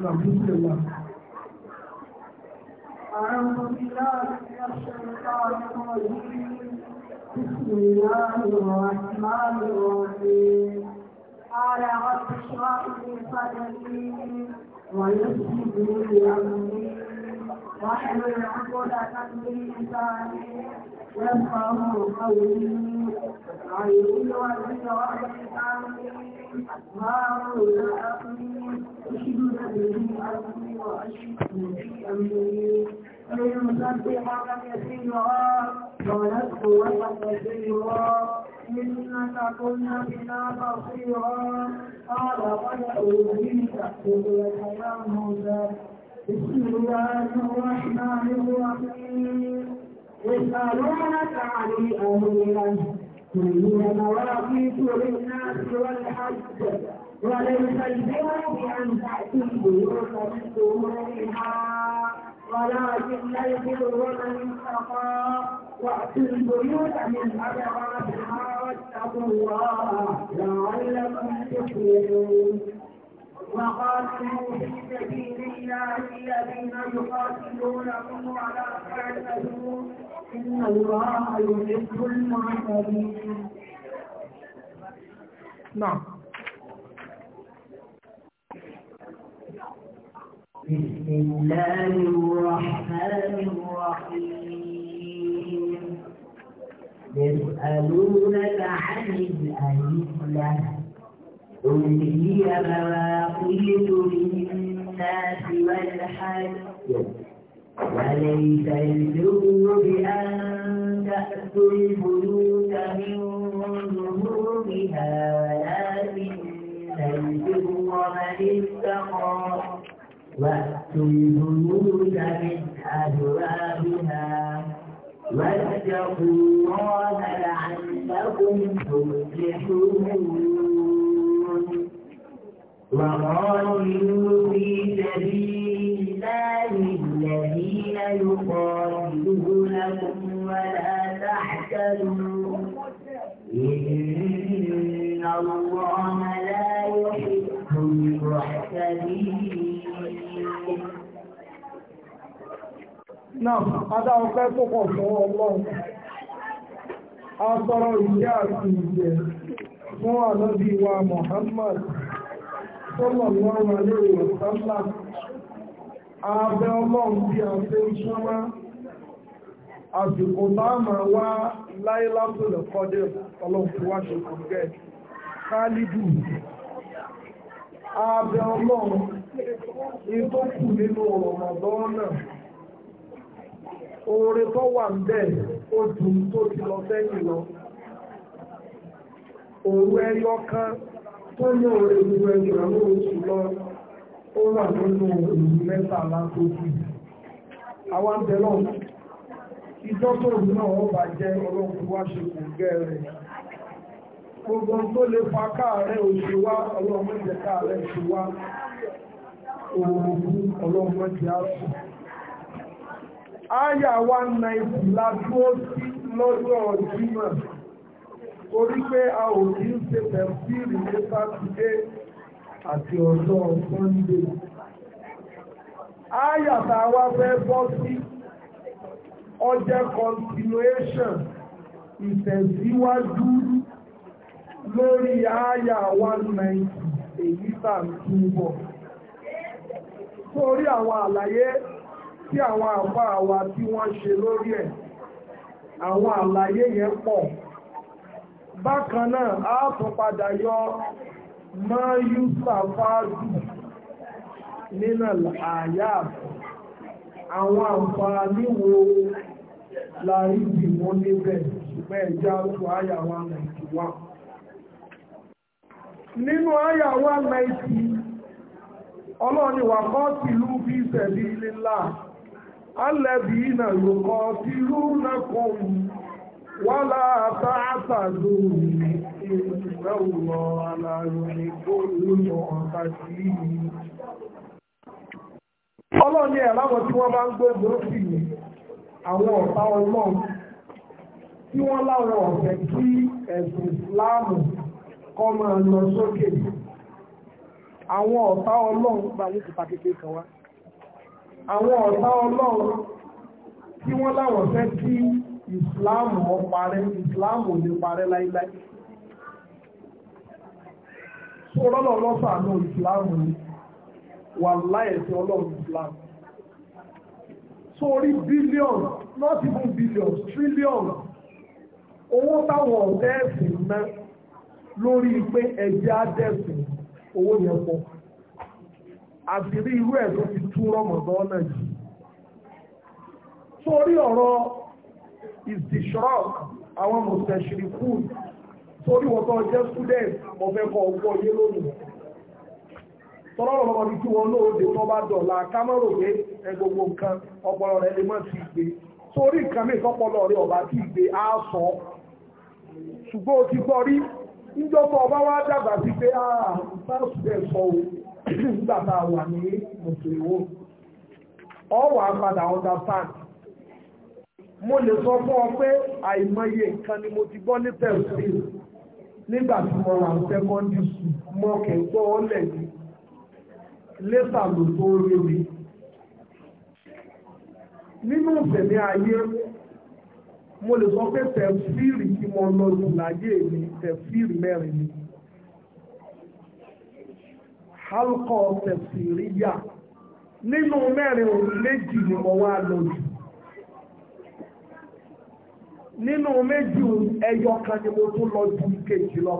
لبسلنا أعوذ بالله من الشيطان الرجيم بسم الله الرحمن الرحيم قال رب اشرح لي صدري ويسر لي أمري واحلل عقدة من لساني يفقه قولي عيني وزير لساني هارون أخي أشهد به أمري وأشهد به أمري لنسبحك كثيرا ونذكرك كثيرا إنك كنا بنا بصيرا قال قد أوتيت سورة يا موسى بسم الله الرحمن الرحيم يسألونك عن الأهلة قل هي للناس والحج وليس البر بأن تأتي البيوت من ظهورها ولكن البر من اتقى وأتوا البيوت من أبوابها واتقوا الله لعلكم تفلحون وقاتلوا في سبيل الله الذين يقاتلونكم ولا تعتدوا إن الله يحب المعتدين نعم بسم الله الرحمن الرحيم يسألونك عن الأهلة قل هي مواقيت للناس والحج وليس البر بأن تأتوا البيوت من ظهورها ولكن البر ومن اتقى وأتوا البيوت من أبوابها واتقوا الله لعلكم تفلحون وقاتلوا في سبيل الله الذين يقاتلونكم ولا تحتلوا إن الله لا يحب المحتدين Náà, adá ọpẹ́ tó pọ̀ fún ọlọ́run. A sọ̀rọ̀ ìyá àti ìjẹ fún ànábì wa Mọ̀hámàdì sallallahu alaihi wa sallam abẹ́ ọlọ́run bí a fẹ́ súnmọ́ àsìkò táàmà wá wá ṣe kùn ọlọ́run oore tó wà ń bẹ̀ ó ti lọ lọ ẹyọ kan tó ní orí gbogbo ẹgbẹ̀rún oṣù lọ ó wà nínú ìlú mẹ́tàlá tó kù àwọn abẹ́lọ́ ìjọ tó rù náà wọ́n bá jẹ́ ọlọ́run wá ṣe kò gẹ́ rẹ̀ gbogbo tó lè fa káàrẹ́ oṣù wá ọlọ́run mẹ́jẹ̀ káàrẹ́ oṣù wá òòrùn ọlọ́run mẹ́jẹ̀ á sùn áyà 190 ládúró sí lọ́dọ̀ ọ̀dúnmọ̀ torí a ò ní ṣe tẹ̀síìrì ní sátidé àti ọjọ́ sunday áyàtà wa fẹ́ bọ́ sí ọjẹ́ continuation ìtẹ̀síwájú lórí áyà 190 èyí tà ń túbọ̀ sórí àwọn àlàyé tí àwọn àpá tí wọ́n ṣe lórí ẹ̀ àwọn àlàyé yẹn pọ̀ bákan náà a tún padà yọ nínà àyà àwọn àǹfààní wo láàrí ìgbìmọ̀ níbẹ̀ ṣùgbọ́n ẹ̀já tó àyà nínú àyà 190 ọlọ́ni wà kọ́ ti lú bí sẹ̀lí alẹ́bí yóò kọ́ ti lú náà kọ́ òun wọ́lá àtàtàdù ìrìnlẹ́wọ̀ aláròyìn tó lóyún ọ̀tà sí i. ọlọ́ni ẹ̀ láwọn tí wọ́n bá ń gbógun sí àwọn ọ̀tá ọlọ́run tí wọ́n láwọn ọ̀fẹ́ kí ẹ̀sìn ìsìláàmù kọ́ máa lọ sókè àwọn ọ̀tá ọlọ́run gbà ní ìta kékeré kan wá àwọn ọ̀tá ọlọ́run tí wọ́n láwọn fẹ́ kí ìsìláàmù ò parẹ́ ìsìláàmù ò lè parẹ́ láíláí tó rọ́lọ̀ lọ́sà ní ìsìláàmù ni wà láìsí ọlọ́run ìsìláàmù tó rí billion not even billion trillion owó táwọn ọ̀tẹ́ ẹ̀sìn ná lórí pé ẹ̀jẹ̀ adẹ́sìn owó yẹn pọ̀ àti rí irú ẹ̀ tó fi tú rọ̀mọ̀dọ́ náà jù torí ọ̀rọ̀ istishraq àwọn mùsẹ̀ṣìrìkù torí wọ́n tó jẹ́ student mo fẹ́ kọ́ ọgbọ́ yé lónìí tọ́lọ́rọ̀ lọ́wọ́ ní kí wọ́n lóòdè tó bá dọ̀la kámọ́rò pé ẹ gbogbo nǹkan ọpọlọ rẹ̀ lè mọ́ ti gbé torí nǹkan mi sọ́pọlọ rẹ̀ ọba ti gbé á sọ ṣùgbọ́n o ti gbọ́ rí níjọba ọba wa dàgbà sí pé àà sáà bẹ́ẹ̀ sọ o nígbà tá a wà ní mùsùlùmí ọwọ́ àpadà understand mo lè sọ fún ọ pé àìmọye nǹkan ni mo ti gbọ́ ní tẹ̀sí nígbà tí mo wà ní sẹ́kọ́ndì sùn mo kẹ̀ gbọ́ ọ lẹ̀ ní lẹ́tà ló tó rí mi nínú ìfẹ̀mí ayé mo lè sọ pé tẹ̀fíìrì tí mo lọ jù láyé mi tẹ̀fíìrì mẹ́rin ni halkọ tẹ̀fíìrì yà nínú mẹ́rin méjì ni mo wá lọ jù nínú méjì ẹyọ kan ni mo tún lọ ju kejì lọ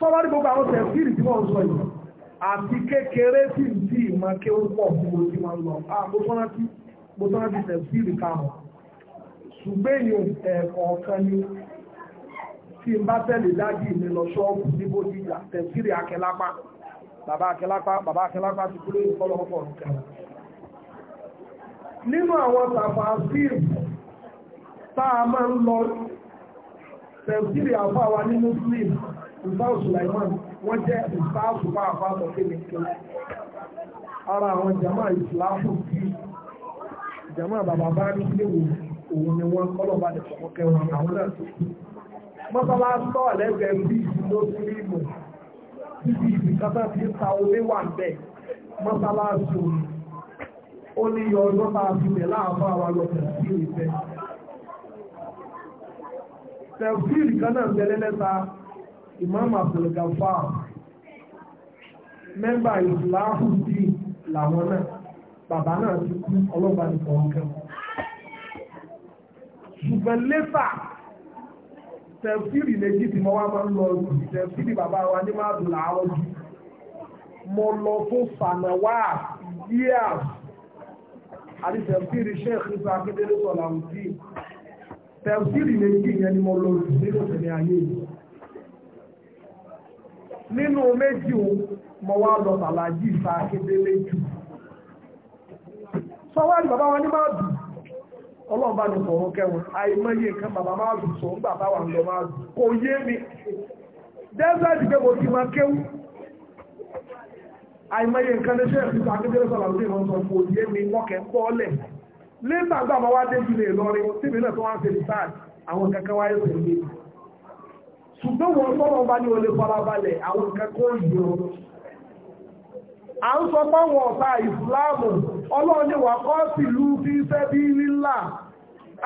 sọ́wọ́n ní gbogbo àwọn tẹ̀síìrì tí wọ́n sọ yìí àti kékeré sì ń tí ìmọ̀ kí ó pọ̀ fún mo ti máa ń lọ ah, mo tún rántí mo tún rántí tẹ̀síìrì karùn-ún ni tí n bá tẹ̀lé dájú mi lọ ṣọ́ọ̀bù níbo ti tẹ̀síìrì akẹ́lápá bàbá bàbá akẹ́lápá ti kúrò ìkọlọ́kọ̀ ọ̀rùn nínú àwọn tàfàásìrì táa máa ń lọ tẹ̀síìrì àfáwà ní muslim ìsáà Sulaiman wọ́n jẹ́ ìsáà ṣùgbọ́n àfáàtọ̀ kéèkéé ara àwọn jama ìsìláàfù kí jama bàbá bá ní ilé wò òun ni wọ́n kọ́lọ̀bá lè pọ̀ kẹwọn àwọn náà tó kú mọ́sálá sọ lẹ́gbẹ̀ẹ́ bí ìlú sílíìmù títí ìbìkátà ti ó ní yọ ọjọ́ máa fi bẹ̀ láàbá wa lọ tẹ̀síìrì fẹ́. tẹ̀síìrì kan náà bẹ̀rẹ̀ lẹ́ta Imam Abdul Gafar mẹ́mbà ìsìláàfù sí làwọn náà bàbá náà ti kú ọlọ́ba nìkan kan. ṣùgbọ́n lẹ́tà tẹ̀síìrì lẹ́jì tí mo wá máa ń lọ tẹ̀síìrì bàbá wa ní máa dùn láàárọ̀ jù mo lọ fún fànàwá yíyàsì àti tẹ̀síìrì sheikh isa akíndélé sọ̀là òtí tẹ̀síìrì méjì yẹn ni mo lò nínú ìsinmi ayé nínú méjì o mo wá lọ bàlájì isa akíndélé jù sọ́wọ́ ní bàbá wa ní máa dùn ọlọ́run bá ní sọ̀rọ̀ kẹwọn àìmọye nǹkan bàbá máa dùn sọ̀rọ̀ nígbà bá wà ń lọ máa dùn kò yé mi dẹ́sẹ̀tì pé mo ti máa kéwú àìmọye nǹkan ní sẹ́ẹ̀sì tó akéjọ́rẹ́ sọ̀rọ̀ àwọn èèyàn sọ fún òye mi lọ́kẹ̀ ń bọ́ lẹ̀ lẹ́gbà gbà máa wá débi lè lọrin tíbi náà tó wá ń ṣe rìsáàtì àwọn kankan wáyé sí ilé ṣùgbọ́n wọn sọ́rọ̀ bá ní olè farabalẹ̀ àwọn kankan yìí o à ń sọ pé àwọn ọ̀tá ìsìláàmù ọlọ́run ni wà kọ́ sí ìlú fi sẹ́bí lílà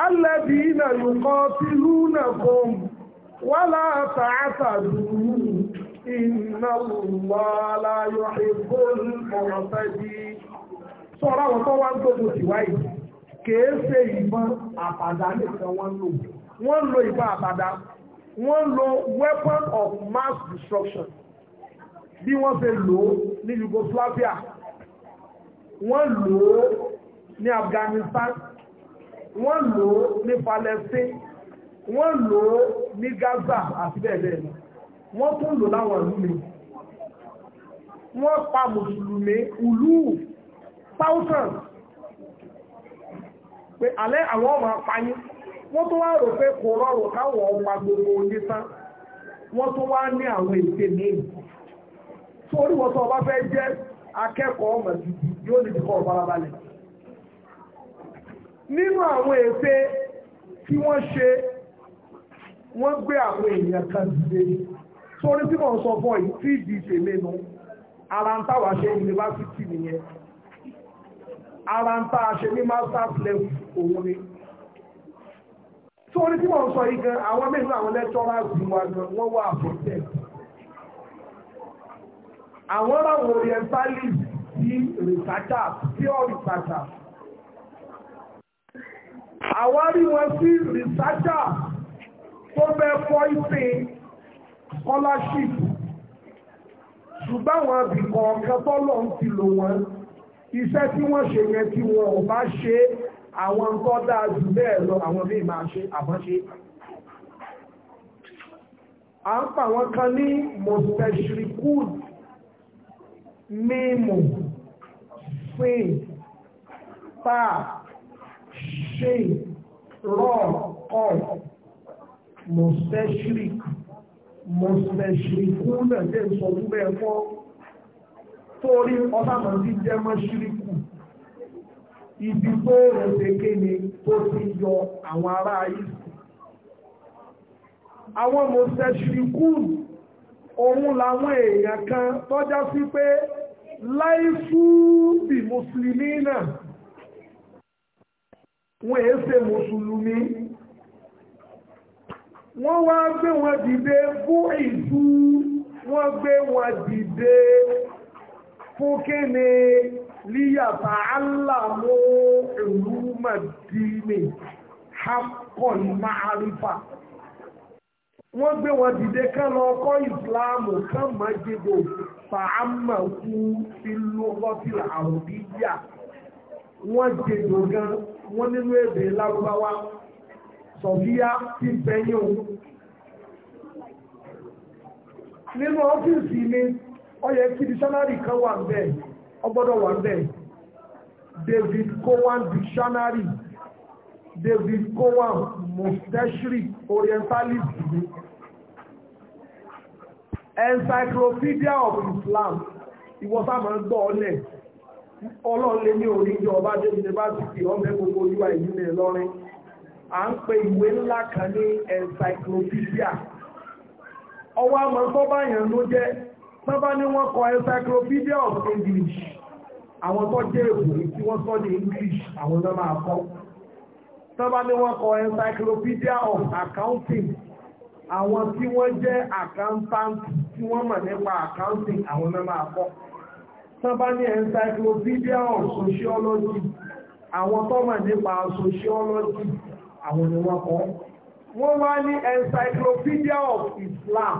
alẹ́ bí ìnà yòókọ́ sí ìlú náà fún wọ́lá tààtàdù iná lọ́la yọ ìbò ọ̀rọ̀fẹ́ bí sọ́rọ̀ àwọn tó wá ń gbogbo tìwáyì kèé ṣe ìbọn àpàdá nìkan wọ́n lò wọ́n lo ìbọn àpàdá wọ́n lo weapon of mass destruction bí wọ́n ṣe lò ní Yugoslavia wọ́n lò ó ní Afghanistan wọ́n lò ó ní Palestine wọ́n lò ó ní Gaza àti bẹ́ẹ̀ bẹ́ẹ̀ lọ wọ́n tún lò láwọn ìlú mi wọ́n pa mùsùlùmí ìlú thousand pé alẹ́ àwọn ọmọ apáyé wọ́n tó wá rò pé kò rọrùn káwọn ọmọ gbogbo oní tán wọ́n tó wá ní àwọn èdè míì tó orí wọ́n tó ọba fẹ́ jẹ́ akẹ́kọ̀ọ́ ọmọ gidi yóò ní kọ́ ọ̀bárabalẹ̀ nínú àwọn ète tí wọ́n ṣe wọ́n gbé àwọn èèyàn kan dìde sórí tí mò ń sọ fún yìí tí ìdí ìṣèlè nu ara ń táwa ṣe yunifásitì nìyẹn ara ń tá a ṣe ní masters level òun ni sórí tí mò ń sọ yìí gan àwọn mélòó àwọn lecturers wa gan wọ́n wà àbọ̀tẹ̀ àwọn làwọn orientalist sí researchers pure researchers àwárí wọn sí researchers tó fẹ́ fọ́ ìpè scholarship ṣùgbọ́n àwọn àbìkọ̀ ọ̀kan tọ́lọ̀ ń ti lò wọ́n iṣẹ́ tí wọ́n ṣe yẹn tí wọn ò bá ṣe àwọn nǹkan dáa jù bẹ́ẹ̀ lọ àwọn míì máa ṣe àbọ̀ṣe à ń pa àwọn kan ní mọ̀tẹ̀ṣirikúùd mímù sin pa ṣe rọ̀ ọ̀ mọ̀sẹ́ṣírík mọ̀sẹ́ṣíríkú náà jẹ́ ìsọ̀tún bẹ́ẹ̀ fọ́ torí ọlámọ̀ tí jẹ́ mọ́ṣíríkù ibi tó rẹ̀ ṣèké ni tó ti yọ àwọn ará ìsìn àwọn mọ̀sẹ́ṣíríkú òun làwọn èèyàn kan tọ́já sí pé láìsú bí mùsùlùmí náà wọ́n èé ṣe mùsùlùmí wọ́n wá gbé wọn dìde fún ìdú wọ́n gbé wọn dìde fún kíni líyàtà aláàmú ìlú màdínì hapkon máàrífà wọ́n gbé wọn dìde kán lọ kọ́ ìsìláàmù kán májídò fàámàkú ìlú ọgọ́tìlà àrùbíyà wọ́n jẹjọ gan wọ́n nínú èdè lárúbáwá sọ̀fíyá tí ń nínú ọ́fíìsì mi ọ yẹ kí kan wà bẹ́ẹ̀ ọ gbọ́dọ̀ wà bẹ́ẹ̀ David Cowan dictionary David Cowan mustachiory orientalist ni encyclopedia of Islam ìwọ́sá máa ń gbọ́ ọ́lẹ̀ ọlọ́ọ̀lẹ́ ní orí ìjọba dé gbogbo UI ìlú lọ́rin à ń pe ìwé ńlá kan ní encyclopedia ọwọ́ àmọ́ tó bá yàn ló jẹ́ sábà ní wọ́n kọ encyclopedia of English àwọn tó jẹ́ èbò tí wọ́n sọ ní English àwọn náà máa kọ́ sábà ní wọ́n kọ encyclopedia of accounting àwọn tí wọ́n jẹ́ accountant tí wọ́n mọ̀ nípa accounting àwọn náà máa kọ́ sábà ní encyclopedia of sociology àwọn tó mọ̀ nípa sociology àwọn ni wọ́n kọ́ wọ́n wá ní encyclopedia of Islam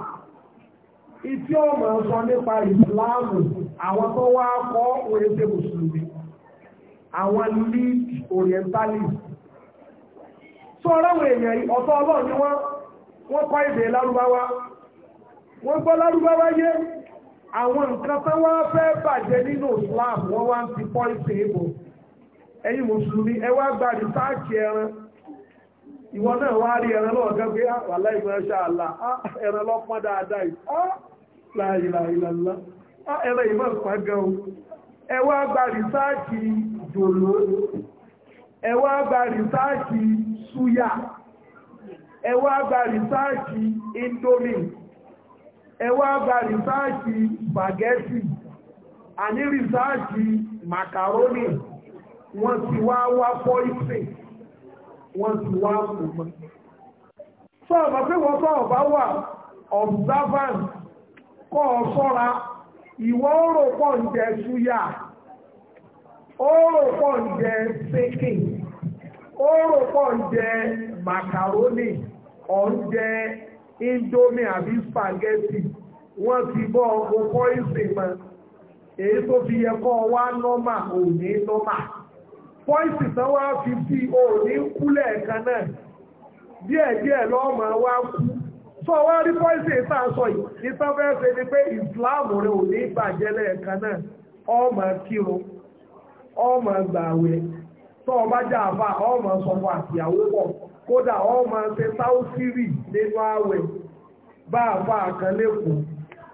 ìtí ó mọ̀ ń sọ nípa ìsìláàmù àwọn tó wá kọ́ oríṣi mùsùlùmí àwọn lead orientalist tó ọlọ́wọ̀ èèyàn ọ̀tọ̀ ọlọ́run ni wọ́n wọ́n kọ́ èdè lárúbáwá wọ́n gbọ́ lárúbáwá yé àwọn nǹkan tó wá fẹ́ bàjẹ́ nínú Islam wọ́n wá ń ti pọ́ ìpè ìbò ẹ̀yin mùsùlùmí ẹ wá gba rìsáàkì ẹran ìwọ náà wá rí ẹran lọ́wọ́ gẹ́gẹ́ wà láì máa ṣá àlà ẹran lọ pọ́n dáadáa yìí láàyè ah, láìlàlá ah, ẹran ìmọ̀ pọ́n gan o ẹ wá gba rìsáàkì dòló ẹ wá gba rìsáàkì súyà ẹ wá rìsáàkì indomie ẹ wá gba rìsáàkì spaghetti àní rìsáàkì macaroni wọ́n ti wá wá fọ́ wọ́n ti wá kò mọ́. sọ̀rọ̀ pé wọ́n sọ̀rọ̀ bá wà observant kọ́ ọ sọ́ra ìwọ òrò pọ̀ ń jẹ súyà òrò pọ̀ ń jẹ sékè òrò pọ̀ ń jẹ màkàrónì ọ̀ ń jẹ indomie àbí spaghetti wọ́n ti bọ́ ọkọ̀ ìsìn mọ́ èyí tó fi yẹ kọ́ wá nọ́mà ò ní nọ́mà pọ́ìsì tán wá fi bí o ní kúlẹ̀ kan náà díẹ̀ díẹ̀ lọ́ọ̀mà wá kú tó wá rí pọ́ìsì ìtàṣọ yìí ní sáfẹ́fẹ́ ni pé ìsìláàmù rẹ̀ ò ní bàjẹ́ lẹ́ẹ̀kan náà ọmọ kírun ọmọ gbàwẹ̀ tó ọba jà àbá ọmọ sọfọ àtìyàwó pọ̀ kódà ọmọ ṣe sáúsírì nínú ààwẹ̀ bá àbá àkànlẹ̀kùn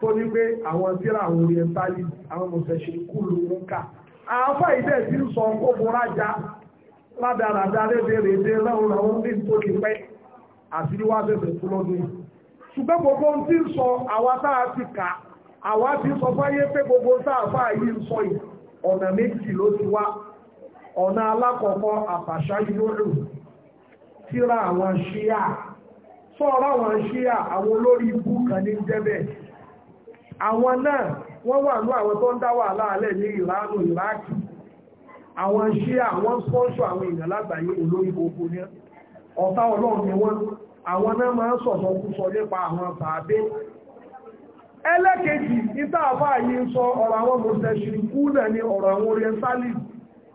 tó ní pé àwọn tíra àwọn orientalist àwọn mọ̀sẹ̀ṣẹ̀ kúlù ń kà àáfà ìdẹ̀ tí ń sọ kókó rájá ládàradà rédèrèdè lẹ́hùn àwọn ní tó ti pẹ́ àṣírí wá bẹ̀rẹ̀ tó lọ́dún yìí ṣùgbọ́n gbogbo ohun tí ń sọ àwa tá a ti kà àwa ti sọ fáyé pé gbogbo táàfà yìí ń sọ yìí ọ̀nà méjì ló ti wá ọ̀nà alákọ̀ọ́kọ́ àfàṣà yòrò tíra àwọn ṣíà sọ̀rọ̀ àwọn ṣíà àwọn olórí ibú kan ní jẹ́bẹ̀ àwọn náà wọ́n wà ní àwọn tó ń dá wàhálà alẹ́ ní ìlànà ìlàákì àwọn ṣíà àwọn sponsor àwọn èèyàn lágbàáyé olórí gbogbo ní ọ̀tá ọlọ́run ni wọ́n àwọn náà máa ń sọ̀sọ̀ kú sọ nípa àwọn bàbá ẹlẹ́kejì níta àfáà yìí ń sọ ọ̀rọ̀ àwọn mọ̀sẹ̀ṣì kú náà ni ọ̀rọ̀ àwọn orientalist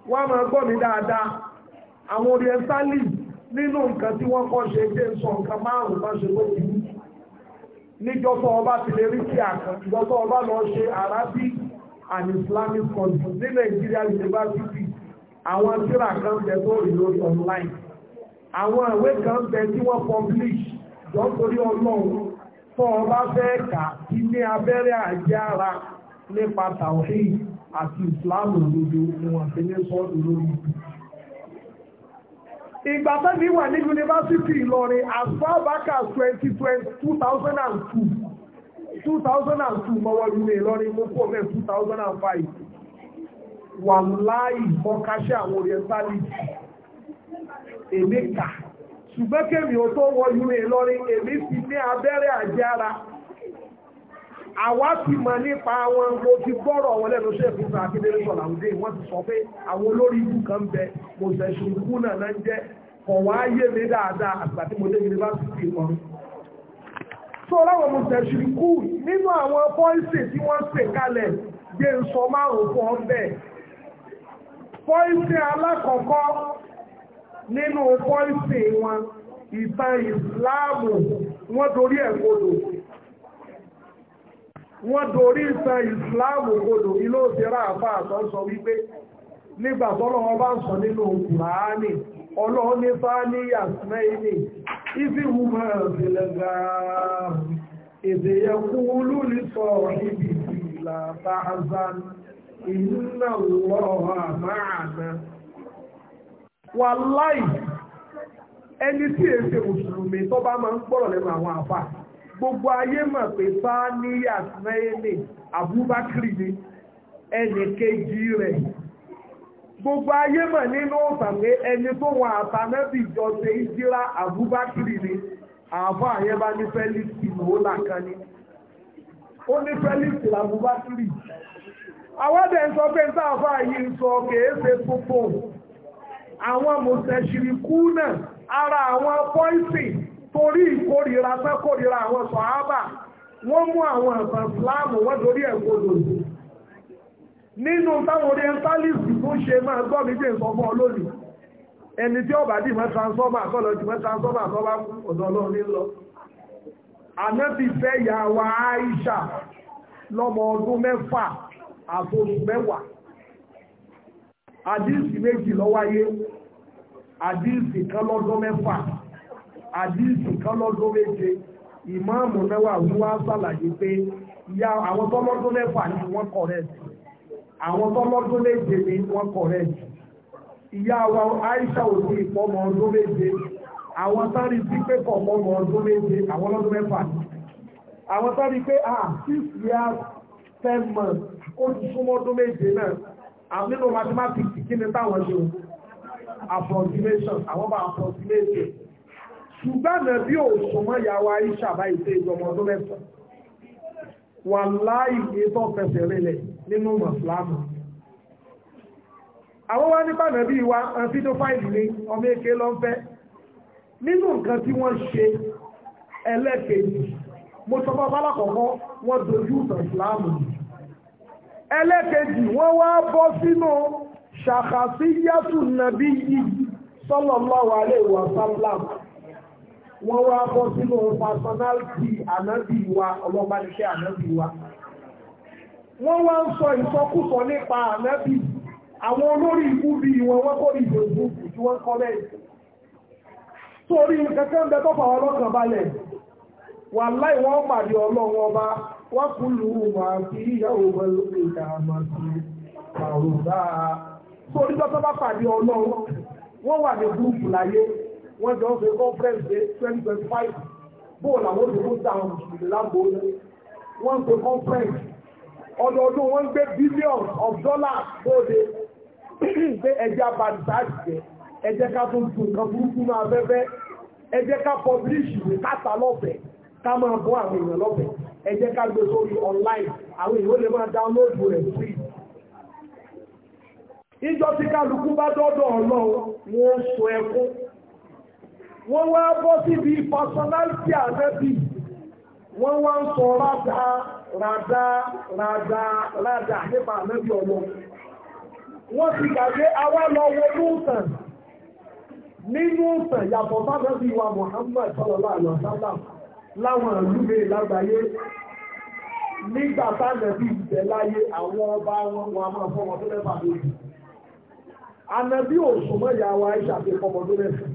wọ́n máa gbọ́ mi dáadáa àwọn orientalist nínú nǹkan tí wọ́n kọ́ ṣe dé sọ nǹkan márùn-ún bá ṣe lóyún níjọba ọba ti lè rí sí àkànjọba ọba lọ ṣe Arabic and Islamic country ní Nigeria University àwọn tíra kan bẹ tó rí lórí online àwọn ìwé kan bẹ tí wọ́n publish jọ́ntorí ọlọ́run tó ọba fẹ́ kà kí ní abẹ́rẹ́ àjẹ́ ara nípa tàwí àti ìsìláàmù lójú ni wọ́n fi ní sọ́ọ̀dù lórí ibi ìgbà tẹ́lẹ̀ wà ní university Ìlọrin as far back as 2002 2002 mọ́wọ́ ilé Ìlọrin mú kó mẹ́ 2005 wà láì bọ́káṣẹ́ àwọn orientality èmi kà ṣùgbọ́n kémi ò tó wọ ilé Ìlọrin èmi fi ní abẹ́rẹ́ àjẹ́ àwa ti mọ̀ nípa wọn mo ti gbọ́rọ̀ wọn lẹ́nu ṣe fún sa akíndélé sọ̀rọ̀ àwùjọ wọ́n ti sọ pé àwọn olórí ibù kan bẹ mo sẹ̀sùn kú náà náà ń jẹ́ kọ̀ wá yé mi dáadáa àgbà tí mo dé yunifásitì wọn. tó láwọn mo sẹ̀sùn kú nínú àwọn pọ́ìsì tí wọ́n ṣe kalẹ̀ gbé ń sọ márùn-ún fún ọ bẹ́ẹ̀. pọ́ìsì alákọ̀ọ́kọ́ nínú pọ́ìsì wọn ìtàn ìsìláàmù wọ́n dorí ẹ̀ kodò wọ́n dorí ìtàn ìsìláàmù odò ilé òṣèrà àfà àtọ́sọ wípé nígbà tọ́lọ́wọ́ sọ nínú Kùránì ọlọ́run ní fáálí àsìmẹ́ìní ìfìwù máa ṣẹlẹ̀ gàárù èdè yẹkú ibi gbogbo ayé mọ̀ pé bá ní àtúnáyélè Abubakar ni ẹnì kejì rẹ̀ gbogbo ayé mọ̀ nínú ọ̀sán pé ẹni tó wọn àtànẹ́bì jọ ṣe ìdíra Abubakar ni àbọ̀ àyẹ́ bá ní Felix ìmọ̀ọ́lá kan ni ó ní Felix làbúbákìrì àwọ́dẹ̀ ń sọ pé ń sáàfà yìí ń sọ kèése púpọ̀ àwọn mùsẹ̀ṣìrìkú náà ara àwọn pọ́ìsì torí ìkórìíra fẹ́ kórìíra àwọn sọ̀hábà wọ́n mú àwọn ẹ̀sàn ìsìláàmù wọ́n torí ẹ̀kọ́ lòdì nínú táwọn orientalist tó ṣe máa gbọ́ mi jẹ́ ìsọ̀fọ́ olónìí ẹni tí ọba dì mọ́ transformer kọ́lọ̀ jù mọ́ transformer tó bá ọ̀dọ̀ lọ nílọ ànábì fẹ́ ya wa Aisha lọ́mọ ọdún mẹ́fà àtòsù mẹ́wàá àdíìsì méjì ló wáyé àdíìsì kan lọ́dún mẹ́fà àdíìsì kan lọ́dún méje ìmáàmù mẹ́wàá wọ́n wá ṣàlàyé pé ìyá àwọn tọ́lọ́dún mẹ́fà ni wọ́n correct àwọn tọ́lọ́dún méje ni wọ́n correct ìyá wa Aisha ò sí ìpọ́ ọmọ ọdún méje àwọn sáré sí pé kọ̀ ọmọ ọmọ ọdún méje àwọn lọ́dún mẹ́fà àwọn sáré pé ah six years ten months ó ti súnmọ́ ọdún méje náà nínú mathematics kí ni táwọn ṣe approximation àwọn bá approximation ṣùgbọ́n nàbí ò súnmọ́ ìyàwó Aisha bá ìṣe ìjọmọ ọdún mẹ́sàn wà láì ètò ọ̀fẹ́sẹ̀ rẹlẹ̀ nínú mọ̀sílámù àwọn wá nípa nàbí wa fídó fáìlì ní ọmọ èké lọ́fẹ́ nínú nǹkan tí wọ́n ṣe ẹlẹ́kẹ̀ẹ́jì mo sọ fún abálàkọ̀ọ́kọ́ wọ́n sallallahu alaihi wa sallam wọ́n wá bọ́ sínú personality ànábì wa ọlọ́bánikẹ́ ànábì wa wọ́n wá ń sọ ìsọkúsọ nípa ànábì àwọn olórí ikú bí wọn wọ́n kọ́ ìbò ìbòkù tí wọ́n kọ́ lẹ́yìn torí kẹ́kẹ́ ń bẹ tọ́pọ̀ àwọn ọlọ́kàn balẹ̀ wà láì wọ́n pàdé ọlọ́run ọba wọ́n kú lù ú mà sí ìyàwó ọlọ́kẹ́ ìdààmú sí àrùbá torí tọ́pọ̀ pàdé ọlọ́run wọ́n wà ní gúrùpù láyé wọ́n jọ ń fi conference day twenty twenty five bóòlù àwọn òṣèlú ń ta àwọn mùsùlùmí lágbo wọ́n ń fi conference ọdọọdún wọ́n ń gbé billions of dollars bóde pé ẹjẹ́ abàdìsá àjẹ́ ẹjẹ́ ká tó ju nǹkan burúkú náà afẹ́fẹ́ ẹjẹ́ ká publish ìwé káta lọ́fẹ̀ẹ́ ká máa bọ́ àwọn èèyàn lọ́fẹ̀ẹ́ ẹjẹ́ ká gbé sórí online àwọn èèyàn lè máa download rẹ̀ free ìjọ tí kálukú bá dọ́dọ̀ ọlọ́run wọ́n sọ ẹkún wọ́n wá bọ́ síbi personality àrẹ́bì wọ́n wá ń sọ rádá rádá rádá rádá nípa àrẹ́bì ọlọ́ wọ́n ti gbàgbé awá lọ wo lóòtàn nínú òtàn yàtọ̀ sábẹ́bí wa Muhammad sallallahu alaihi wasallam láwọn àlúgbé lágbàáyé nígbà sábẹ́bí ìbẹ̀ láyé àwọn ọba wọn wọn a máa fọwọ́ tó lẹ́fà lójú ànàbí òṣùmọ̀ ìyàwó àìṣàfihàn ọmọdé mẹ́fà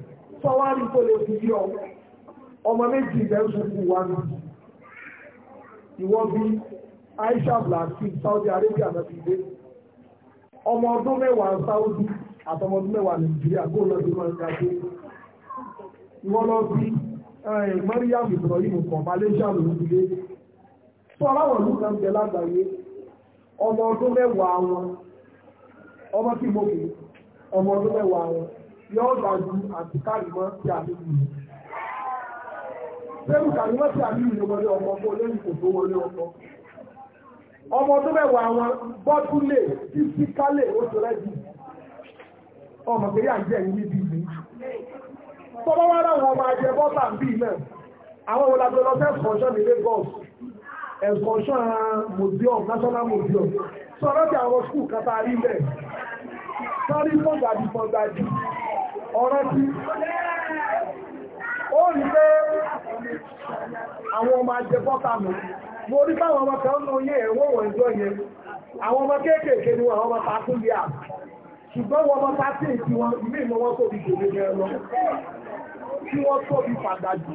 tọ́wárí tó lè fi yọ ọmọ méjì ìbẹ̀rùsùnkú wá ní ìwọ́n bí Aisha blasi Saudi Arabia àti ìdè ọmọ ọdún mẹ́wàá Saudi àtọmọ ọdún mẹ́wàá Nàìjíríà kó lọ sí mọ́ńgá dé ìwọ́n lọ sí eh, Mariam Ibrahim kan Malaysia ló ń gbé tó aláwọ̀ ló kàn jẹ lágbàáyé ọmọ ọdún mẹ́wàá wọn ọmọ tí mo kì ọmọ ọdún mẹ́wàá wọn yóò dájú àti kárìmọ́ tí a lè lù. Sẹ́rù kárìmọ́ tí a lè lù wọlé ọmọ fún olóyìn kò tó wọlé ọmọ. Ọmọ tó mẹ́wàá wọn bọ́túlé títí kálẹ̀ ó tó rẹ́jì. Ọmọ pé yà ń jẹ́ ìwé bí ìlú. Tọ́lọ́ wá ráwọn ọmọ ajẹ bọ́tà ń bì náà. Àwọn wo lajọ lọ fẹ́ kọ̀ọ̀ṣọ́ ní Lagos. Ẹ̀kọ́ṣọ́ museum National Museum. Sọ̀rọ̀ ti àwọn skul kata rí bẹ̀. Sọ́rí fọ́gbàdì fọ́gbàdì rántí ó rí pé àwọn ọmọ ajẹ́bọ́ta mú mo rí báwọn ọmọ kan nù yẹ ẹ̀wọ̀n wọ̀n ìjọ yẹn àwọn ọmọ kéékèèké ni àwọn ọmọ pàtó bí à ṣùgbọ́n wọn ọmọ pàtó ìtì wọn ilé ìmọ̀ wọn tóbi gbèrè yẹn lọ tí wọ́n tóbi pàtàkì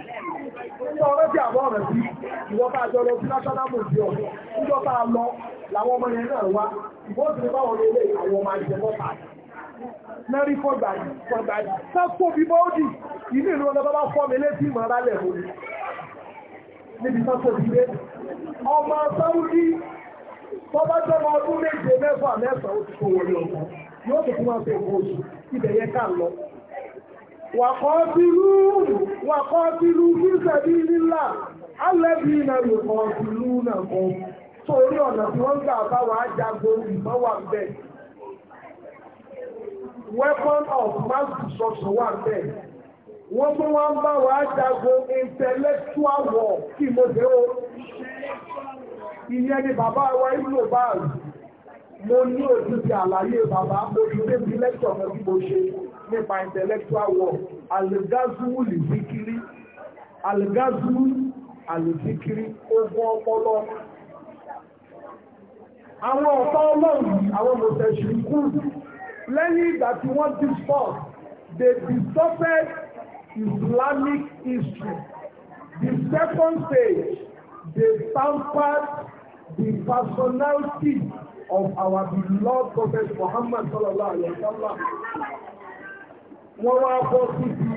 nígbà ọ̀rẹ́ tí àwọn ọ̀rẹ́ sí ìwọ́ta àjọ lọ sí national museum níjọba lọ làwọn ọmọ yẹn náà wá ìbọn òsì ní báwọn ilé àwọn ọmọ lẹ́rí fọ́gbàjì fọ́gbàjì sápò bí bọ́ọ̀dì ìlú ìlú ọ̀nà bábá fọ́ mi ìmọ̀ra lẹ̀ mú níbi sápò lé ọmọ sáwúdí bọ́bá ọdún méje mẹ́fà mẹ́fà ó ti kó wọlé yóò tó fún wa oṣù ibẹ̀ yẹ ká lọ wàkọ́ wàkọ́ alẹ́bí kọ́ weapon of mass destruction wà bẹ́ẹ̀ wọ́n tún wá ń bá wa jagun intellectual war kí mo dé o ìyẹn ni bàbá wa ìlú báàlù mo ní òtútù àlàyé bàbá mo ti débi lẹ́tọ̀ mọ́ bí mo ṣe nípa intellectual war algazuwu lìzíkiri algazuwu alìzíkiri ogun ọpọlọ àwọn ọ̀tá ọlọ́run àwọn mọ̀tẹ̀sùn kúrú lẹ́yìn ìgbà tí wọ́n discuss they discussed Islamic history the second stage they pampered the personality of our beloved prophet Muhammad sallallahu alayhi wa sallam wọ́n wá bọ́ síbi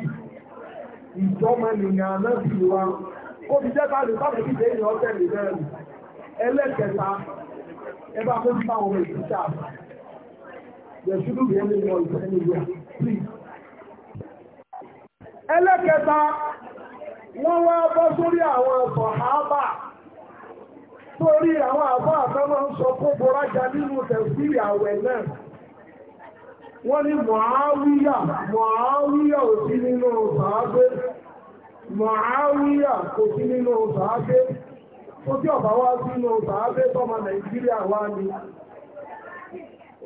ìjọmọ̀nìyàn náà sì wá ó fi jẹ́ káàlù sáàmù ìdè èèyàn ọ̀tẹ̀lẹ̀ bẹ́ẹ̀ ẹlẹ́kẹta ẹbá fún báwọn èsì sáà There shouldn't be any noise anywhere. Please. Ẹlẹ́kẹta, wọ́n wá àwọn ẹ̀fọ̀ àábà ń sọ kó nínú tẹ̀síì àwẹ̀ náà. Wọ́n ní Mọ̀háwíyà, Mọ̀háwíyà ò sí nínú sàágbé. Mọ̀háwíyà kò sí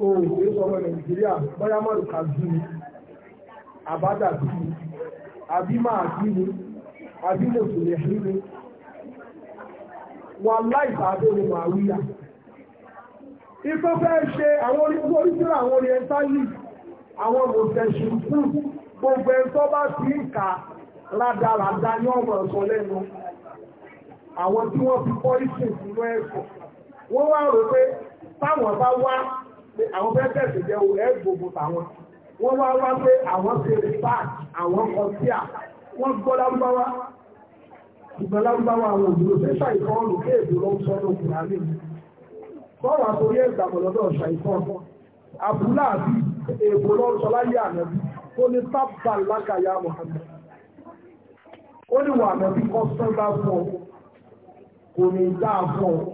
òògbé sọmọ nàìjíríà bóyá mọ̀rù ká bí mi àbádà bí mi àbí máa bí mi àbí mo sì lè rí mi wà láìsà àbí ni màá wíyà ifẹ́ fẹ́ ṣe àwọn oríṣiríṣi àwọn orientalist àwọn mọ̀tẹ̀sùn fún gbogbo ẹ̀ tó bá ti ń kà rádaràdá ní ọmọ ọ̀sọ̀ lẹ́nu àwọn tí wọ́n fi pọ́ ìsìn sínú ẹ̀sọ̀ wọ́n wá rò pé táwọn bá wá àwọn fẹ́ tẹ̀sí jẹ́ o ẹ̀ gbogbo tàwọn wọ́n wá wá pé àwọn ṣe park àwọn kọtíà wọ́n gbọ́ lárúbáwá ṣùgbọ́n lárúbáwá àwọn òdúró fẹ́ ṣàìkọ́ọ̀lù kéèdè ló ń sọ ní òkúra rí mi bọ́ọ̀lù àtòrí ẹ̀gbàmọ̀ lọ́dọ̀ ṣàìkọ́ọ̀lù àbúlà àbí èèbò ló ń sọ láyé ànábì tó ní tábà lákàyà Muhammad ó ní wà ànábì kọ́ sọ́gbà fún ọ kò ní dáa fún ọ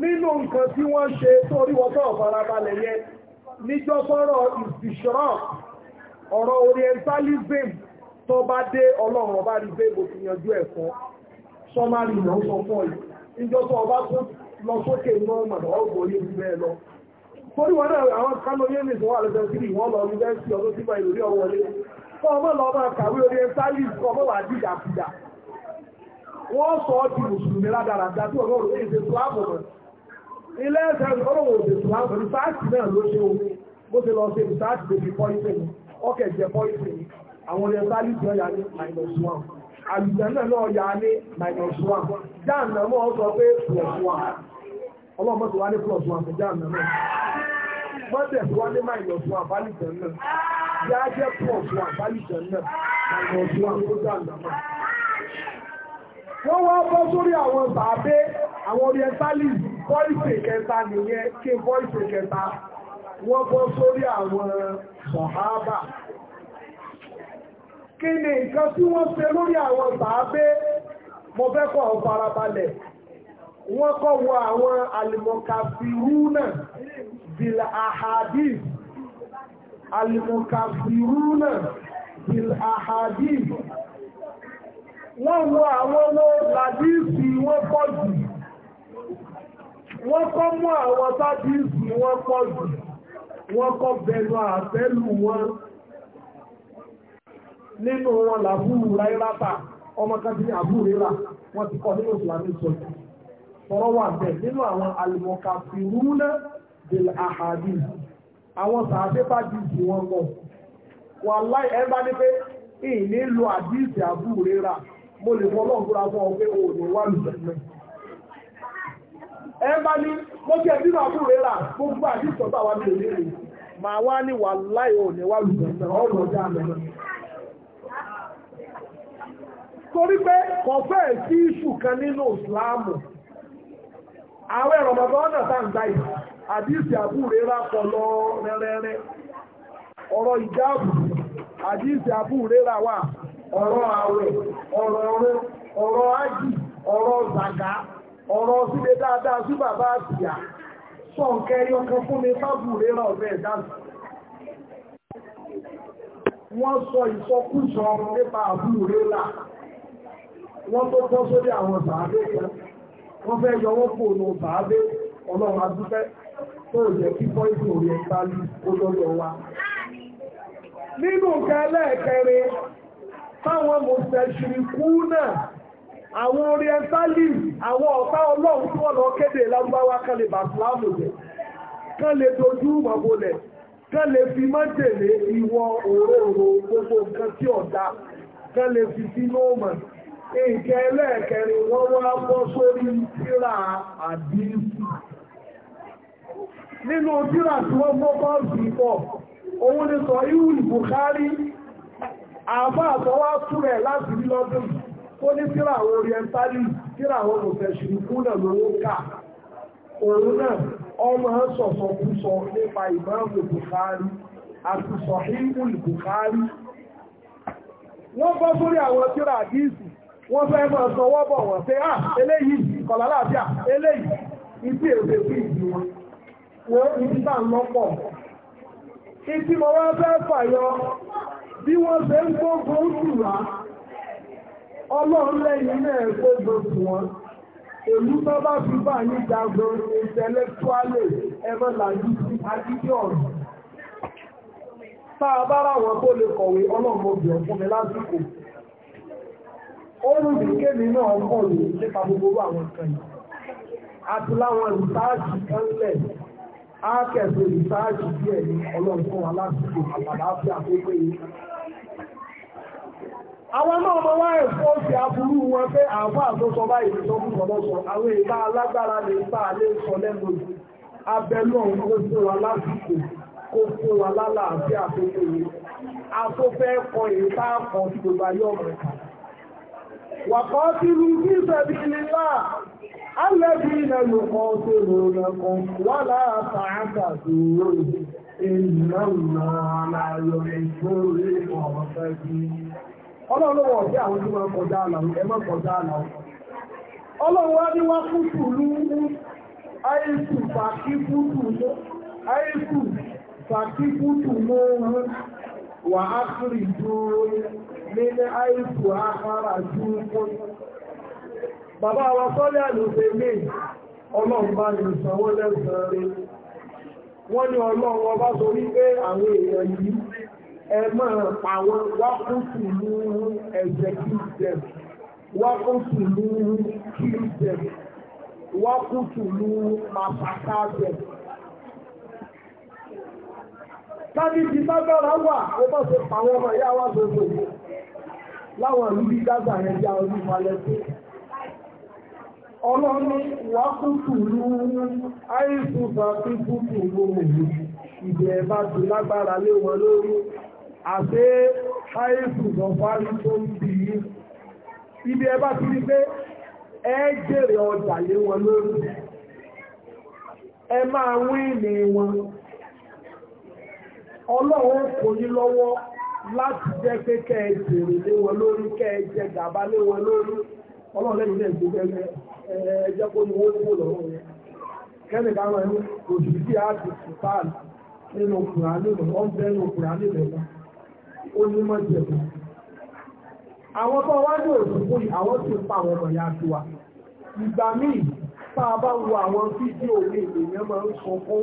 nínú nǹkan tí wọ́n ṣe torí wọ́tọ̀ ọ̀farabalẹ̀ yẹn níjọ́ fọ́rọ̀ ìṣòro ọ̀rọ̀ orientalism tó bá dé ọlọ́run ọba rí pé kò tìyànjú ẹ̀fọ́ sọ́márì lọ sọ fún níjọ́ tó ọba tó lọ sókè iná ọgbọ̀ bẹ́ẹ̀ lọ torí wọn àwọn kánú ilé ẹ̀sẹ̀ ọlọ́wọ̀ òde tó láti rìsáàtì náà ló ṣe omi bó ṣe lọ ṣe rìsáàtì tó fi pọ́ìsìn ọkẹ̀ jẹ pọ́ìsìn àwọn ilẹ̀ sáàlìsì ọ̀yà ní minus one àlùjẹ́nà náà yà ní minus one jáàmù náà sọ pé plus one ọlọ́mọ tó wá ní plus one fún jáàmù náà mọ́tẹ̀ tó wá ní minus one fálìjẹ́ náà yà á jẹ́ plus one fálìjẹ́ náà minus one fún jáàmù náà wọ́n wá bọ́ sórí àwọn bàbá àwọn orientalist bọ́ìsì ìkẹta nìyẹn kí bọ́ìsì ìkẹta wọ́n bọ́ sórí àwọn sọ̀háábà kí ni nǹkan tí wọ́n ṣe lórí àwọn sàábé mo fẹ́ kọ́ farabalẹ̀ wọ́n kọ́ wọ àwọn alìmọ̀kàfìrúnà bil ahadith alìmọ̀kàfìrúnà bil ahadith wọ́n wọ àwọn lọ́dìsì wọ́n pọ̀ jù wọ́n kọ́ mú àwọn sábíìsì wọ́n pọ̀ jù wọ́n kọ́ bẹnu àtẹ́lù wọn nínú wọn làbúrú ráírátà ọmọ kan ti ní àbúrú rírà wọ́n ti kọ́ nínú ìsìlámì sọ̀tù sọ̀rọ̀ wà bẹ̀ nínú àwọn alìmọ̀kà fìrúnà del ahadi àwọn sàáfẹ́ bá di jù wọn pọ̀ wà láì ẹ bá ní pé ìní lo àdíìsì àbúrú rírà mo lè fọlọ́ọ̀gbọ́ra fún ọ pé òun ní wà lùdẹ̀ náà ẹ ni ní mo jẹ́ nínú àbúrò rà gbogbo àdìsọ́ bá wà nílé rè màá wá ní wà láì ò ní wà lùgbọ̀n ọ̀rọ̀ ọjà torí pé kò fẹ́ sí iṣu kan nínú ìsìláàmù àwọn ẹ̀rọ bàbá ọ̀nà tá gbà yìí àdìsí àbúrò rà kọ lọ rẹ́rẹ́rẹ́ ọ̀rọ̀ ìjáàbù àdìsí àbúrò rà wà ọ̀rọ̀ àwẹ̀ ọ̀rọ̀ ọ̀rọ̀ àjì ọ̀rọ̀ zàgà ọ̀rọ̀ sílé dáadáa sí bàbá àtìyà sọ nǹkan ẹyọ kan fún mi fábù rírà ọ̀bẹ ìdáàbò wọ́n sọ ìsọkúsọ nípa àbú rírà wọ́n tó tọ́ sórí àwọn bàábé kan wọ́n fẹ́ yọ wọ́n kò nù bàábé ọlọ́run adúpẹ́ tó yẹ kí pọ́ìsì òrí ẹ̀ta lù kó lọ́yọ̀ wa nínú nǹkan ẹlẹ́ẹ̀kẹrin táwọn mọ̀sẹ̀ṣìrì kú náà àwọn orientalist àwọn ọ̀tá ọlọ́run tí wọ́n lọ kéde lárúbáwá kan lè bàtìláàmù jẹ kan lè dojú mọ̀bọlẹ̀ kan lè fi mọ́jèlé ìwọ òróòrò gbogbo nǹkan tí ọ̀dá kan lè fi sínú ọmọ nǹkan ẹlẹ́ẹ̀kẹrin wọ́n wá bọ́ sórí tíra àdínsì nínú tíra tí wọ́n mọ́ bọ́ọ̀sì pọ̀ òun ni sọ ìwù Bukhari àbá àtọwá túrẹ̀ láti rí lọ́dún yìí ó ní tíra àwọn orientali tíra àwọn mọ̀tẹ̀sìrì kúnlẹ̀ lówó ká òun náà ọmọ sọ̀sọ̀ kú sọ nípa ìmáàmù Bukhari àti sọ̀híhùn Bukhari wọ́n bọ́ sórí àwọn tíra àdíìsì wọ́n fẹ́ mọ́ sọ wọ́n bọ̀ wọ́n pé ah eléyìí kọ̀lálàáfíà eléyìí ibi èrè sí ìdí wọn wọ́n ibi bá ń lọ́pọ̀ ìtí mọ̀ wọ́n fẹ́ bí wọ́n fẹ́ ń gbógun jù wá ọlọ́run lẹ́yìn náà gbogbo fún wọn èlú tó bá fi bà ní jagun intellectually ẹmọ làjú sí agídí ọ̀rọ̀ táà bá ráwọn tó lè kọ̀wé ọlọ́run obìnrin fún mi lásìkò oòrùn bí kéde náà kọ̀ lè nípa gbogbo àwọn kan yìí àti láwọn rìsáàjì kan lẹ̀ á kẹ̀sọ̀ rìsáàjì díẹ̀ ní ọlọ́run fún wa lásìkò àwọn náà mọ wá ẹ̀fọ́ ti aburú wọn pé àáfà tó báyìí tó kú sọ àwọn ìbá alágbára lè bá alẹ́ sọ lẹ́nu abẹ́lú ọ̀hún kó fún wa lásìkò kó fún wa lálàáfíà tó péye afọ́fẹ́ kọ ìta kan tí gbogbo ayé ọmọ ẹ̀ka wàkọ́ sí lu bí sẹ́bi nílá alẹ́bí ilẹ̀ lòkọ́ tó lòrò kan wà láàtàkà tó náà aláyọ̀ ìgbórí ọ̀rọ̀ fẹ́ bí ọlọ́run ọ̀dẹ́ àwọn tí wọ́n kọjá àlàó ẹ kọjá àlàó ọlọ́run ní wá fún tùlú àìsù fàkífútù lóòrùn wà á dúró nílé àìsù àkàrà dúró bàbá wa sọ́lẹ̀ àlùfẹ́ mi ọlọ́run wọ́n ẹ máa pa sí ní ẹ̀jẹ̀ kí jẹ́ sí ní kí jẹ́ sí ní màpàkà jẹ́. wà, ó bá pàwọn ọmọ ìyá wa gbogbo láwọn ìlú bí Gaza yẹn já orí Palẹ́tí. àìsùn ìbẹ̀ bá ti lágbára lé wọn lórí àti háìsù lọ́fárí tó ń bì í ibi ẹ bá ti rí pé ẹ jèrè ọjà lé wọn lórí ẹ máa wín ní wọn ọlọ́run kò ní lọ́wọ́ láti jẹ́ pé kẹ́ ẹ jèrè lé wọn lórí kẹ́ ẹ jẹ gàba lé wọn lórí ọlọ́run lẹ́yìn náà ti jẹ́ ẹ jẹ́ kó ní owó kúrò lọ́wọ́ yẹn nínú kùránì rẹ̀ ọ́n bẹ́ nínú kùránì rẹ̀ wá ó ní mọ́ jẹ̀bù. àwọn tó wá ní òṣùpù àwọn sì ń pa àwọn ọmọ ya tiwa ìgbà míì tá a bá wo àwọn fídíò ní èèyàn máa ń sọ fún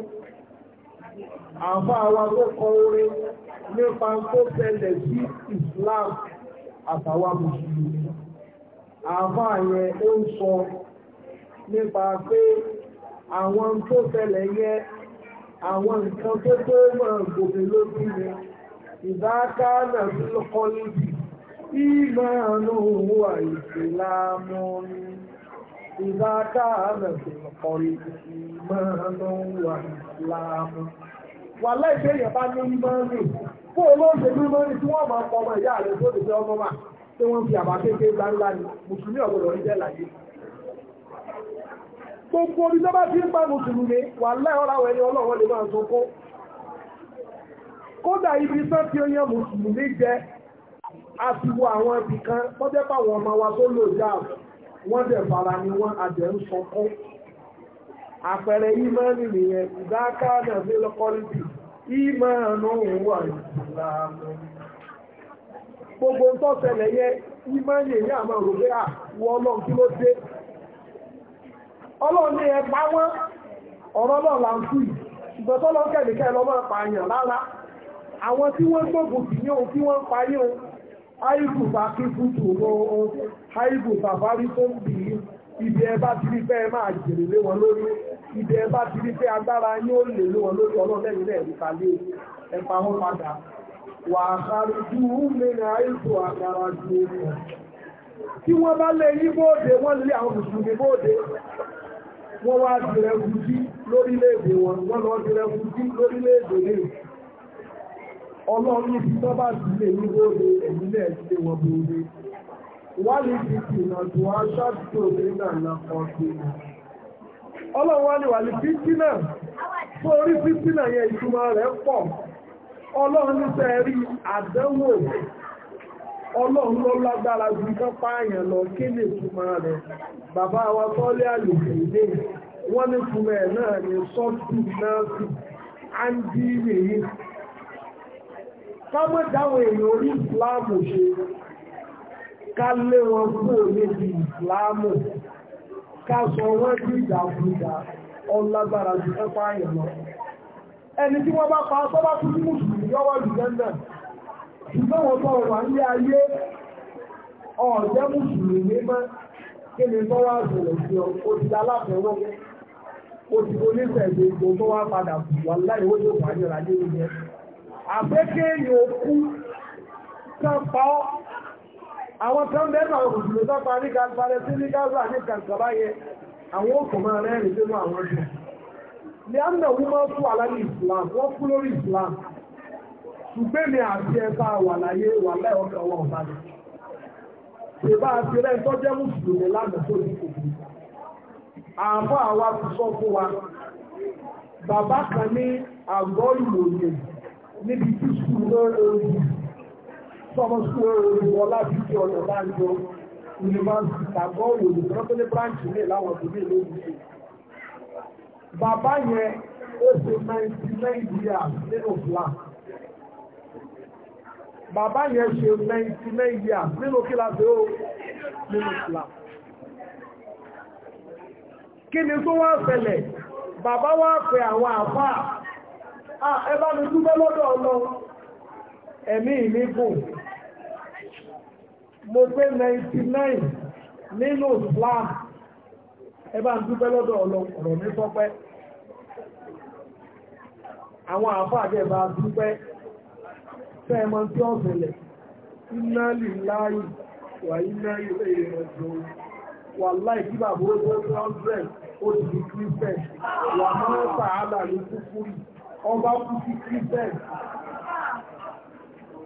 àfáà wa tó kọ orin nípa tó tẹ́lẹ̀ sí Islam àtàwà mùsùlùmí àfá yẹn ó ń sọ nípa pé àwọn tó tẹ́lẹ̀ yẹ àwọn nǹkan tó tó máa gòkè lójú ni ìbákánà tó lọ́kọ́ níbi ìmọ̀ àánú òun àìsè láàmú ni ìbákánà tó lọ́kọ́ níbi ìmọ̀ àánú òun àìsè láàmú. wà láìpẹ́ yẹn bá ní ìmọ̀ ní fún olóòṣè ní ìmọ̀ ní tí wọ́n máa pọ̀ ọmọ ìyá rẹ̀ tó lè fẹ́ ọmọ mà tí wọ́n fi àbá kékeré gbáńlá ni mùsùlùmí ọ̀gbọ̀dọ̀ ń jẹ́ láyé gbogbo orí lọ́bá tí ń pa mùsùlùmí wà láìọ́láwọ̀ ẹni ọlọ́wọ́ lè máa tó kó kódà ibi sán tí ó yẹ mùsùlùmí jẹ àtiwọ àwọn ibì kan tọ́jẹ́ pàwọn ọmọ wa tó lò já wọ́n dẹ̀ fara ni wọ́n adẹ̀ ń sọkọ́ àpẹẹrẹ ìmọ̀ọ́nì nìyẹn ìdáká náà fi lọ́kọ́lìtì ìmọ̀ọ́nù wà gbogbo ń tọ́sẹ̀lẹ̀ yẹ ìmọ̀ọ́nì èyí àmọ́ òrògbé à wọ́n lọ́n kí ló dé ọlọ́run ní ẹgbà wọn ọ̀rọ̀ ọlọ́run là ń tú yìí ṣùgbọ́n tọ́lọ́ kẹ̀lẹ́kẹ́ lọ́mọ pààyàn lára àwọn tí wọ́n gbógun sí ní ohun tí wọ́n ń parí ohun áìbù bá kí fútù ohun áìbù bàbárí tó ń bì í ibi ẹ bá ti rí pé ẹ máa jèrè lé wọn lórí ibi ẹ bá ti rí pé agbára yín ó lè lé wọn lórí ọlọ́dẹ́yìn náà ní kalẹ́ ẹ pa wọn padà wà á kárí ju mẹ́rin àìsàn àgbára ju ọkọ̀ tí wọ́n bá lé yín bóde wọ́n lé àwọn mùsùlùmí bóde wọ́n wá jìrẹ̀ fújí lórílẹ̀-èdè wọn wọ́n lọ jìrẹ̀ lórílẹ̀-èdè rẹ̀ ọlọ́run ti dị bá ní ẹ̀mí kìnnà tó na ọlọ́run wá ní wà ní fítínà fún orí fítínà yẹn ìtumọ̀ ọlọ́run ló lágbára ju kán pààyàn lọ kí lè túmọ̀ rẹ̀ bàbá wa tọ́lé àlòkè ilé wọ́n ní túmọ̀ ẹ̀ náà ní sọ́ọ̀tù náà sí áńdí rèé kámọ́ dáwọn èèyàn orí ìsìláàmù ṣe ká lé wọn kúrò níbi ìsìláàmù ká sọ wọ́n bí ìdàkúdà ọlágbára ju kán lọ ẹni tí wọ́n bá pa sọ́bá tún mùsùlùmí yọ́wọ́ jù náà ṣùgbọ́n wọn bọ́ wà ní ayé ọ̀jẹ́ mùsùlùmí mọ́ kí ni tó wá sọ̀rọ̀ sí ọ ó ti aláfẹ́wọ́ ó ti onífẹ̀ẹ́ ìgbò tó wá padà wà láì ó yóò wà níra ní ilé àpékè yòókù kan pa ọ́ àwọn kan bẹ́ẹ̀ náà mùsùlùmí tó pa ní kalparẹ́ sí ní gaza ní kankaba yẹ àwọn òkú máa rẹ́rìn nínú àwọn jù ní àmì náà wọ́n máa fún àlàyé Islam wọ́n kú lórí Islam ṣùgbẹ́mi àti ẹ̀fà wà láyé wà láì ọkàn wọn ọ̀bá ni ṣèbá àti rẹ̀ tó jẹ́ mùsùlùmí lánàá tó ní kòkó àmọ́ àwa ti sọ fún wa bàbá kan ní àgọ́ ìwòye níbi tí sùúrù bàbá yẹn ó ṣe 99 years nínú flat bàbá yẹn ṣe 99 years nínú kíláàsì ó nínú kíláàsì kí ni tó wá ṣẹlẹ̀ bàbá wá pẹ àwọn àfáà ẹbá mi dúpẹ́ lọ́dọ̀ ọlọ́ ẹ̀mí mi gùn mo pé 99 nínú Islam ẹbá mi dúpẹ́ lọ́dọ̀ ọlọ́ ọ̀rọ̀ mi sọpẹ́ àwọn àfáà jẹ́ bá dúpẹ́ fẹ́ẹ̀mọ́ tí ó fẹ́lẹ̀ iná lè láàyè wà iná ilé ìrìnàjò wà láì kí bàbá ó tó 100 ó ti di christian wà máa ń fàálà ní kúkúrì ọba kú sí christian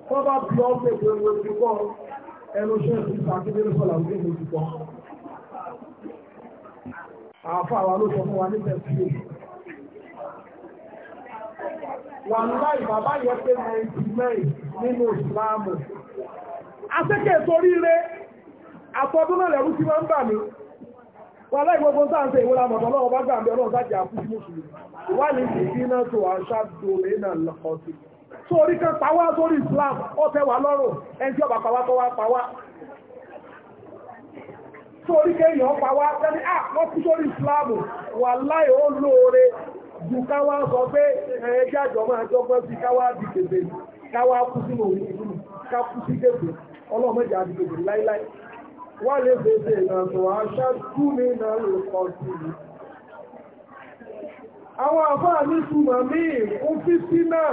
tọ́ba bí ọ́ pè pé mo ti kọ́ ẹnu ṣe ti sàkíndéré sọ̀là òkè mo ti kọ́ àáfàá wa ló sọ fún wa nípa ẹ̀sìn wàláì ìbàbá yẹn pé ninety nínú ìsìláàmù asékèé sórí rẹ àtọ́dún náà lẹ́rú tí máa ń bà mí ìwé la mọ̀tọ́ bá gbà mí ọlọ́run mùsùlùmí wà ní ìdí náà tó àṣà dòmé náà lọ́kọ̀ sí pàwá sórí wà lọ́rùn ẹni tí pàwá pàwá ju káwá sọ pé ẹjẹ́ àjọ máa jọgbọ́n sí káwá di kèbè káwá kú sínú òun ìlú ká kú sí kèbè ọlọ́mọdé àti kèbè láíláí wọ́n lè fèsè ìrànṣọ aṣáájú mi náà lè kọ sí i. àwọn àfáà ní túmọ̀ míì ń fi sí náà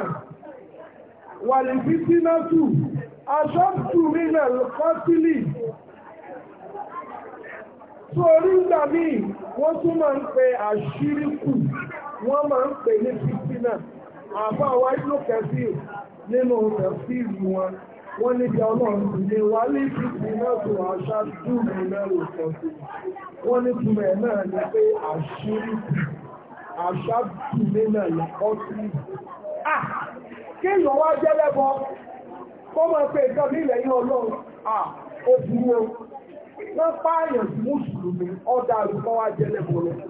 wà lè fi sí náà tù aṣáájú mi náà lè kọ sílì. tó ìgbà míì wọ́n tún ń pe àṣírí kù wọ́n máa ń pè ní fìtínà àbá wa ìlú kẹfì nínú tẹ̀síìlì wọn wọ́n níbi ọlọ́run ní wà ní fìtínà tó àṣà dùnmí mẹ́rù kọ̀ọ̀tù wọ́n ní túmọ̀ ẹ̀ náà ni pé àṣírí àṣà dùnmí mẹ́rù kọ̀ọ̀tù. kéèyàn wá jẹ́ lẹ́bọ kó máa pe nǹkan ní ilẹ̀ yìí ọlọ́run ó burú o wọ́n pààyàn sí mùsùlùmí ọ̀dà àlùkọ́ wá jẹ́ lọ́wọ́.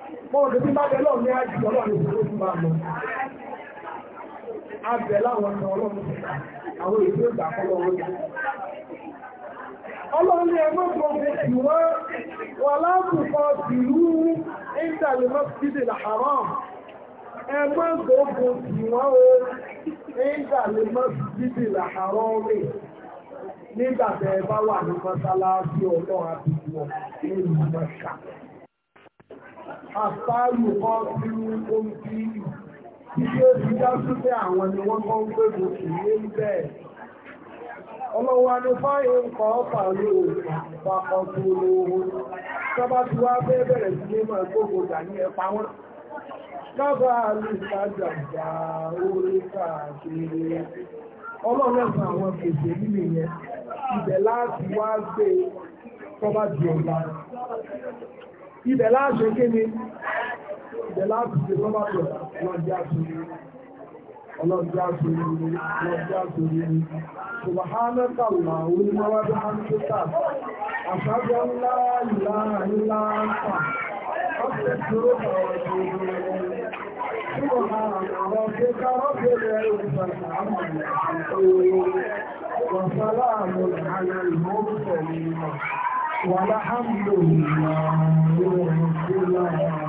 Mọ́wọ́n tó bá bẹ̀lọ́ ní àjì ọlọ́run tó tún bá lọ. A bẹ̀ láwọn ọ̀nà ọlọ́run àwọn èdè ìgbà kọ́lọ́ wọn. Ọlọ́run ní ẹgbẹ́ tó ń fi wọ́n wà láàbùkọ tìlú ìdàlẹ̀ mọ́sídìí làhárán. Ẹgbẹ́ tó ń fi wọ́n o ìdàlẹ̀ mọ́sídìí làhárán rẹ̀ nígbà bá wà ní mọ́sálásí ọlọ́run àti ìwọ̀n ìlú mọ́sálásí àtàlù kọ́ sí omi tí ṣe fi dá súnlẹ̀ àwọn ni wọ́n kọ́ ń pèbò sí ilé ibẹ̀ ọlọ́wà ní fáyé ń kọ́ pàlú pàpọ̀ tó lóòrò tọ́bá ti wá fẹ́ bẹ̀rẹ̀ sí ní mọ̀ gbogbo dání ẹpa wọn lábà lùsàjàjà orí káàkiri ọlọ́rẹ̀sàn àwọn kèsè nílé yẹn ibẹ̀ láti wá gbé tọ́bá di ọ̀la ibẹ̀ láàṣẹ ké ni ibẹ̀ láti ṣe lọ́bà tó lọ́jà sórí ọlọ́jà sórí lọ́jà sórí ni subhanaka allahumma wa bihamdika ashhadu an la ilaha illa anta astaghfiruka wa atubu ilayk سبحان ربك رب العزة عما يصفون وسلام على المرسلين wàlá hàmdùn ìrìnàmù